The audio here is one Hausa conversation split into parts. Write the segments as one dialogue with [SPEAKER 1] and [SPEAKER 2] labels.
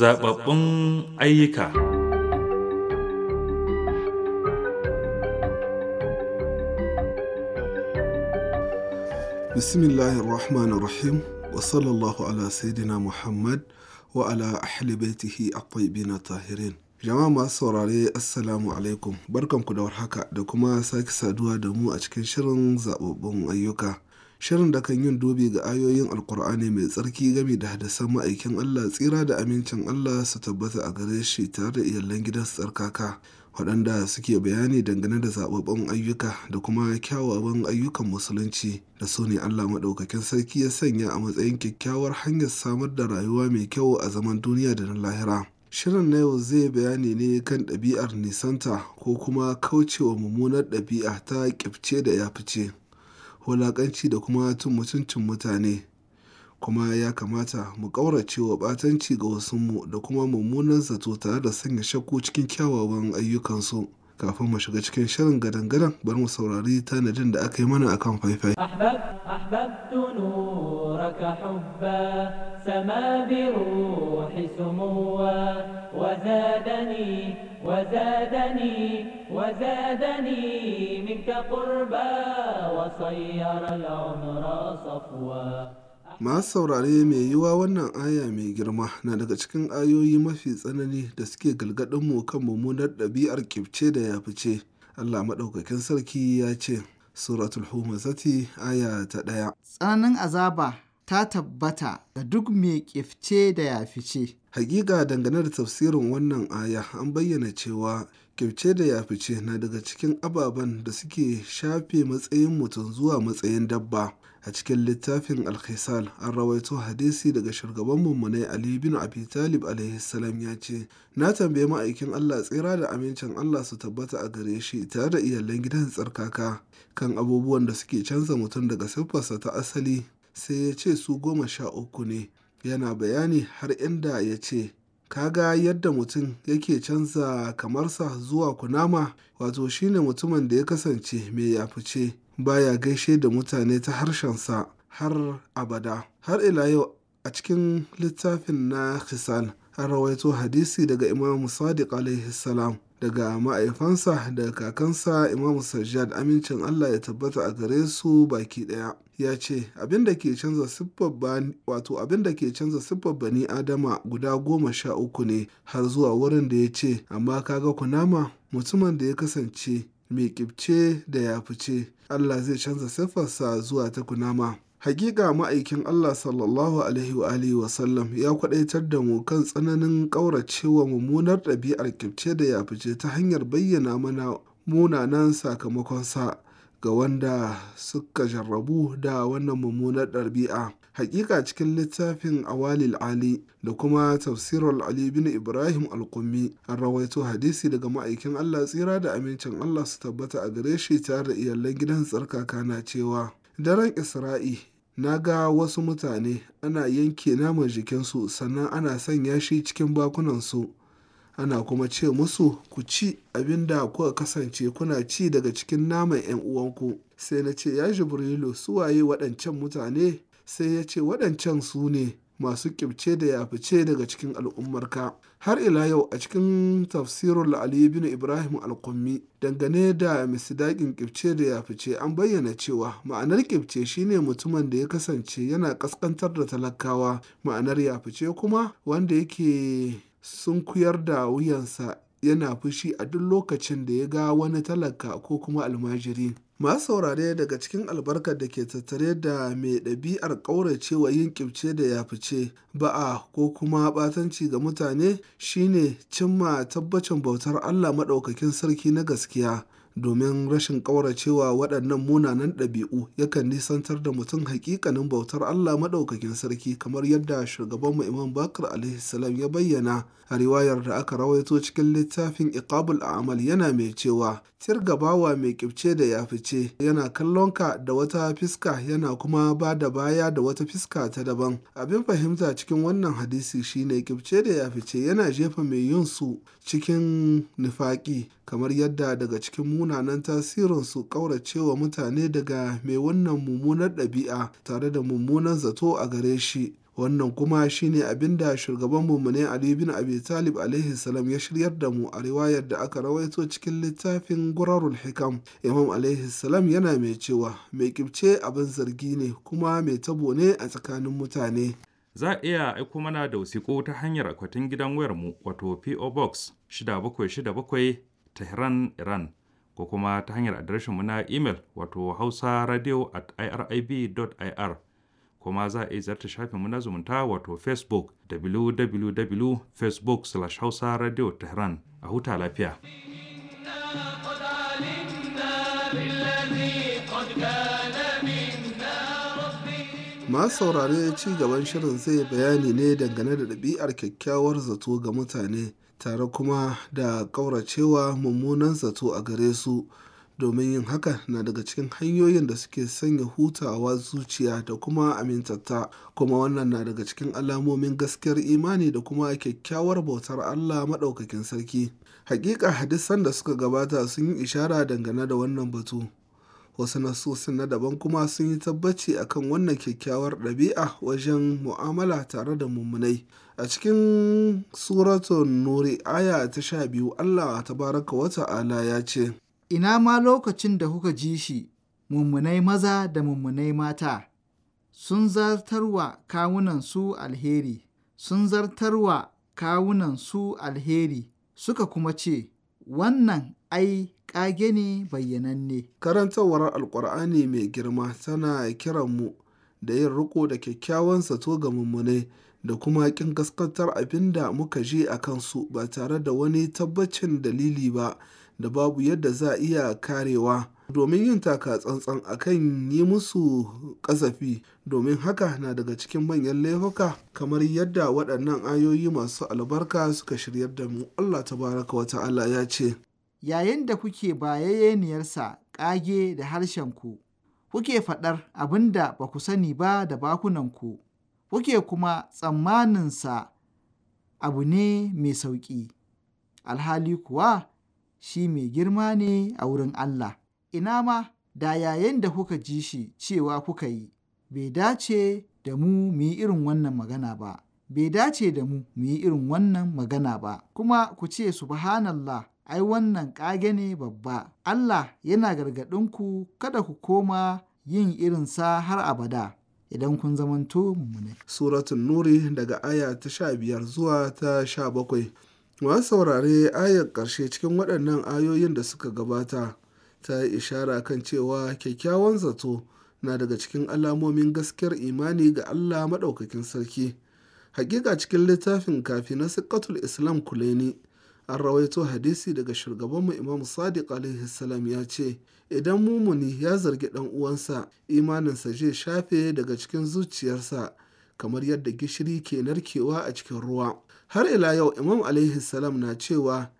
[SPEAKER 1] Zaɓaɓɓun ayyuka Bismillahir Rahmanir Rahim wa sallallahu ala Sayyidina Muhammad wa ala ahli baitihi at-tayyibin tahirin Jama'a masu saurare Assalamu alaikum barkanku da warhaka da kuma sake saduwa da mu a cikin shirin zaɓaɓɓun ayyuka Shirin da kan yin dubi ga ayoyin Alkur'ani mai tsarki gami da hadasan ma'aikin Allah tsira da amincin Allah su tabbata a gare shi tare da iyalan gidan tsarkaka waɗanda suke bayani dangane da zaɓaɓɓen ayyuka da kuma kyawawan ayyukan musulunci da su ne Allah maɗaukakin sarki ya sanya a matsayin kyakkyawar hanyar samar da rayuwa mai kyau a zaman duniya da na lahira. Shirin na yau zai bayani ne kan ɗabi'ar nisanta ko kuma kaucewa mummunar ɗabi'a ta ƙyafce da ya fice. wulaƙanci da kuma cin mutuncin mutane kuma ya kamata mu ƙaurace wa ɓatanci ga mu da kuma mummunan zato tare da sanya shakku cikin kyawawan ayyukansu. kafin mu shiga cikin shirin gadan-gadan bari mu saurari tanadin da aka yi mana akan faifai. وزادني وزادني منك قربا وصير العمر صفوا Masu saurare mai yiwa wannan aya mai girma na daga cikin ayoyi mafi tsanani da suke mu kan mummunar ɗabi'ar kifce da yafice. Allah maɗaukakin sarki ya ce, Suratul Humasati aya ta ɗaya. Tsananin azaba ta tabbata ga duk mai kifce da yafice. Hakika dangane da tafsirin wannan aya an bayyana cewa Kyauce da yafice na daga cikin ababen da suke shafe matsayin mutum zuwa matsayin dabba. A cikin littafin alkhisal an rawaito hadisi daga shugaban mummunai Ali bin Abi Talib salam ya ce, Na tambayi ma'aikin Allah tsira da amincin Allah su tabbata a gare shi tare da iyalan gidan tsarkaka kan abubuwan da suke canza mutum daga siffarsa ta asali, sai ya ce su goma sha uku ne, yana bayani har inda ya ce, ka ga yadda mutum yake canza kamarsa zuwa kunama wato shine mutumin da ya kasance mai yafice baya gaishe da mutane ta harshensa har abada har ila yau a cikin littafin na Khisal an rawaito hadisi daga imamu sadiq alaihi salam daga ma'aifansa daga kakansa imamu sajjad amincin allah ya tabbata a gare su baki daya ya ce abin da ke canza siffar wato abin da ke canza bani adama guda goma sha uku ne har zuwa wurin da ya ce amma kaga kunama mutumin da ya kasance mai kibce da ya fice allah zai canza siffarsa zuwa ta kunama Hakika ma'aikin Allah sallallahu Alaihi wasallam ya kwadaitar da mu kan tsananin ƙauracewa mummunar ɗabi'ar kyafce da yafice ta hanyar bayyana mana munanan sakamakonsa ga wanda suka jarrabu da wannan mummunar ɗabi'a. Hakika cikin littafin Awalil Ali da kuma tafsirul Ali bin Ibrahim al an rawaito hadisi daga ma'aikin Allah tsira da amincin Allah su tabbata a gare shi tare da iyalan gidan tsarkaka na cewa Daren Isra'i, na ga wasu mutane ana yanke naman jikinsu sannan ana sanya shi cikin bakunansu, ana kuma ce musu, Ku ci abinda kuka kasance kuna ci daga cikin naman ’yan uwanku. Sai na ce, Ya Jibrilu, su waye waɗancan mutane? Sai ya ce, Waɗancan su ne. masu kibce da yafice daga cikin al'ummarka har ila yau a cikin tafsirun la'aliyu bin ibrahim al dangane da daƙin kibce da yafice an bayyana cewa ma'anar kibce shine mutumin da ya kasance yana kaskantar da talakawa ma'anar yafice kuma wanda yake sunkuyar da wuyansa yana fushi a duk lokacin da ya ga wani talaka ko kuma almajiri Masu saurare daga cikin albarkar da ke tattare da mai ɗabi'ar ƙauracewa yin ƙibce da ya yafice ba'a ko kuma ɓatanci ga mutane shine cimma tabbacin bautar Allah maɗaukakin sarki na gaskiya domin rashin ƙauracewa waɗannan munanan ɗabi'u yakan nisantar da mutum hakikanin bautar Allah maɗaukakin sarki kamar yadda shugabanmu Imam Bakar alaihi ya bayyana a riwayar da aka rawaito cikin littafin Iqabul A'mal yana mai cewa tirgabawa mai kibce da yafice fice yana kallonka da wata fiska yana kuma ba da baya da wata fiska ta daban abin fahimta cikin wannan hadisi shine kibce da yafice yana jefa mai yin su cikin nufaƙi kamar yadda daga cikin munanan tasirin su ƙauracewa mutane daga mai wannan mummunar ɗabi'a tare da mummunan zato a gare shi wannan kuma shine abin da shugaban mummune Ali bin Abi Talib alaihi salam ya shiryar da mu a riwayar da aka rawaito cikin littafin Gurarul Hikam Imam alaihi salam yana mai cewa mai kibce abin zargi ne kuma mai tabo ne a tsakanin mutane Za a iya aiko mana da wasiƙo ta hanyar akwatin gidan wayarmu wato PO Box 6767 Tehran, Iran ko kuma ta hanyar mu na imel wato hausa radio at irib.ir kuma za a iya zarta shafin na zumunta wato Facebook www.facebook/hausa radio Tehran a huta lafiya. masu saurare ci gaban shirin zai bayani ne dangane da ɗabi'ar kyakkyawar zato ga mutane tare kuma da ƙauracewa mummunan zato a gare su domin yin haka na daga cikin hanyoyin da suke sanya hutawa zuciya da kuma amintatta kuma wannan na daga cikin alamomin gaskiyar imani da kuma kyakkyawar bautar Allah maɗaukakin sarki hakika hadisan da suka gabata sun yi ishara dangane da wannan batu wasu nasosin na daban kuma sun yi tabbaci akan wannan kyakkyawar ɗabi'a wajen mu'amala tare da mummunai a cikin suratun nuri aya ta sha biyu allah tabaraka wata ala ya ce ina ma lokacin da kuka ji shi mummunai maza da mummunai mata sun zartarwa su alheri sun zartarwa su alheri suka kuma ce wannan ai ƙage ne bayyananne. Karantawar Alƙur'ani mai girma tana kiran mu da yin riko da kyakkyawan sato ga mummunai da kuma ƙin gaskatar abin da muka je a kansu ba tare da wani tabbacin dalili ba da babu yadda za a iya karewa. Domin yin taka tsantsan akan yi musu ƙasafi, domin haka na daga cikin manyan laifuka kamar yadda waɗannan ayoyi masu albarka suka shiryar da mu Allah tabaraka wa ta'ala ya ce. yayin da kuke bayayeniyarsa ƙage da harshenku, kuke faɗar abin da ba ku sani ba da bakunanku, kuke kuma tsammaninsa abu ne mai sauƙi, alhali kuwa shi mai girma ne a wurin Allah. Ina ma da yayin da kuka ji shi cewa kuka yi, bai dace da mu mu yi irin wannan magana ba, bai dace da mu mu yi irin wannan magana ba, kuma ku ce subhanallah ai wannan ƙage ne babba. Allah yana ku kada ku koma yin irin sa har abada. Idan kun zamanto mummune. Suratun Nuri daga aya ta sha biyar zuwa ta sha bakwai. Wa saurare ayar ƙarshe cikin waɗannan ayoyin da suka gabata ta yi ishara kan cewa kyakkyawan zato na daga cikin alamomin gaskiyar imani ga Allah maɗaukakin sarki. Hakika cikin littafin kafi na Sikatul Islam Kuleni. an rawaito hadisi daga shugabanmu imam sadiq alaihi salam ya ce idan mumuni ya zargi dan uwansa imaninsa zai shafe daga cikin zuciyarsa kamar yadda gishiri ke narkewa a cikin ruwa har ila yau imam alaihi salam na cewa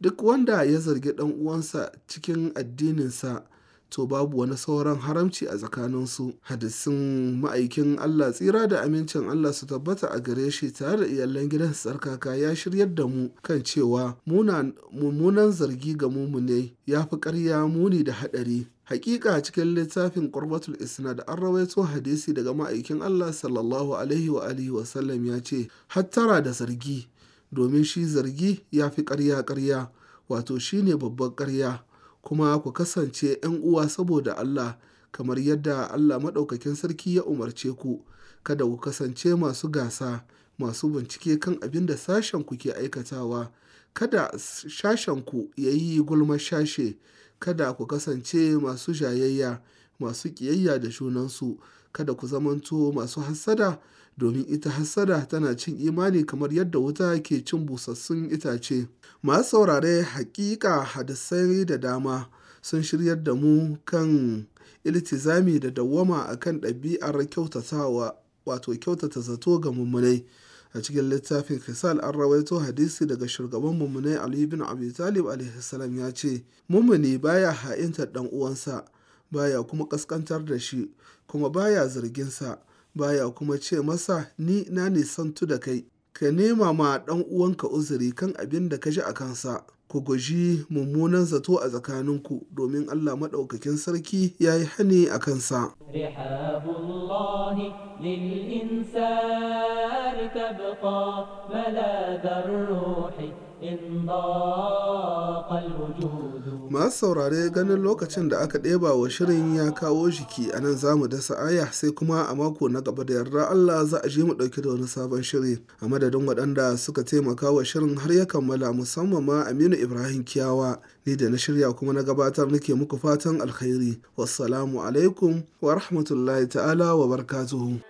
[SPEAKER 1] duk wanda ya zargi dan uwansa cikin addininsa to babu wani sauran haramci a tsakaninsu hadisin ma'aikin Allah tsira da amincin Allah su tabbata a gare shi tare da iyalan gidan sarkaka ya shiryar da mu kan cewa mummunan zargi ga mumune ya fi ƙarya muni da haɗari hakika cikin littafin ƙwabatul-isna isnad an rawaito hadisi daga ma'aikin Allah sallallahu alaihi wa alihi wa sallam ya ce hattara da zargi domin shi zargi ya fi karya ƙarya wato ne babban ƙarya kuma ku kasance ‘yan uwa saboda Allah, kamar yadda Allah Maɗaukakin Sarki ya umarce ku, kada ku kasance masu gasa, masu bincike kan abin da sashenku ke aikatawa, kada shashenku ya yi gulmar shashe, kada ku kasance masu jayayya, masu ƙiyayya da junansu, kada ku zamanto masu hassada domin ita hassada tana cin imani kamar yadda wuta ke cin busassun itace. Masu saurare hakika hadisai da dama sun shiryar da mu kan iltizami da dawwama kan ɗabi'ar kyautatawa wato kyautata zato ga mummunai. a cikin littafin kisal an rawaito hadisi daga shugaban mummunai ali bin abi talib alaihi ya ce mummuni baya ha'intar ɗan uwansa baya kuma kaskantar da shi kuma baya zarginsa baya kuma ce masa, Ni na tu da kai, ka nema ma ɗan uwanka uzuri kan abin da ka ji a kansa, ku guji mummunan zato a tsakaninku, domin Allah maɗaukakin sarki ya yi hani a kansa. إن ضاق الوجود masu saurare ganin lokacin da aka ɗeba wa shirin ya kawo jiki a nan za mu dasa aya sai kuma a mako na gaba da yarda Allah za a je mu ɗauki da wani sabon shiri a madadin waɗanda suka taimaka wa shirin har ya kammala musamman ma Aminu Ibrahim Kiyawa ni da na shirya kuma na gabatar nake muku fatan alkhairi wasalamu alaikum wa rahmatullahi ta'ala wa barkatuhu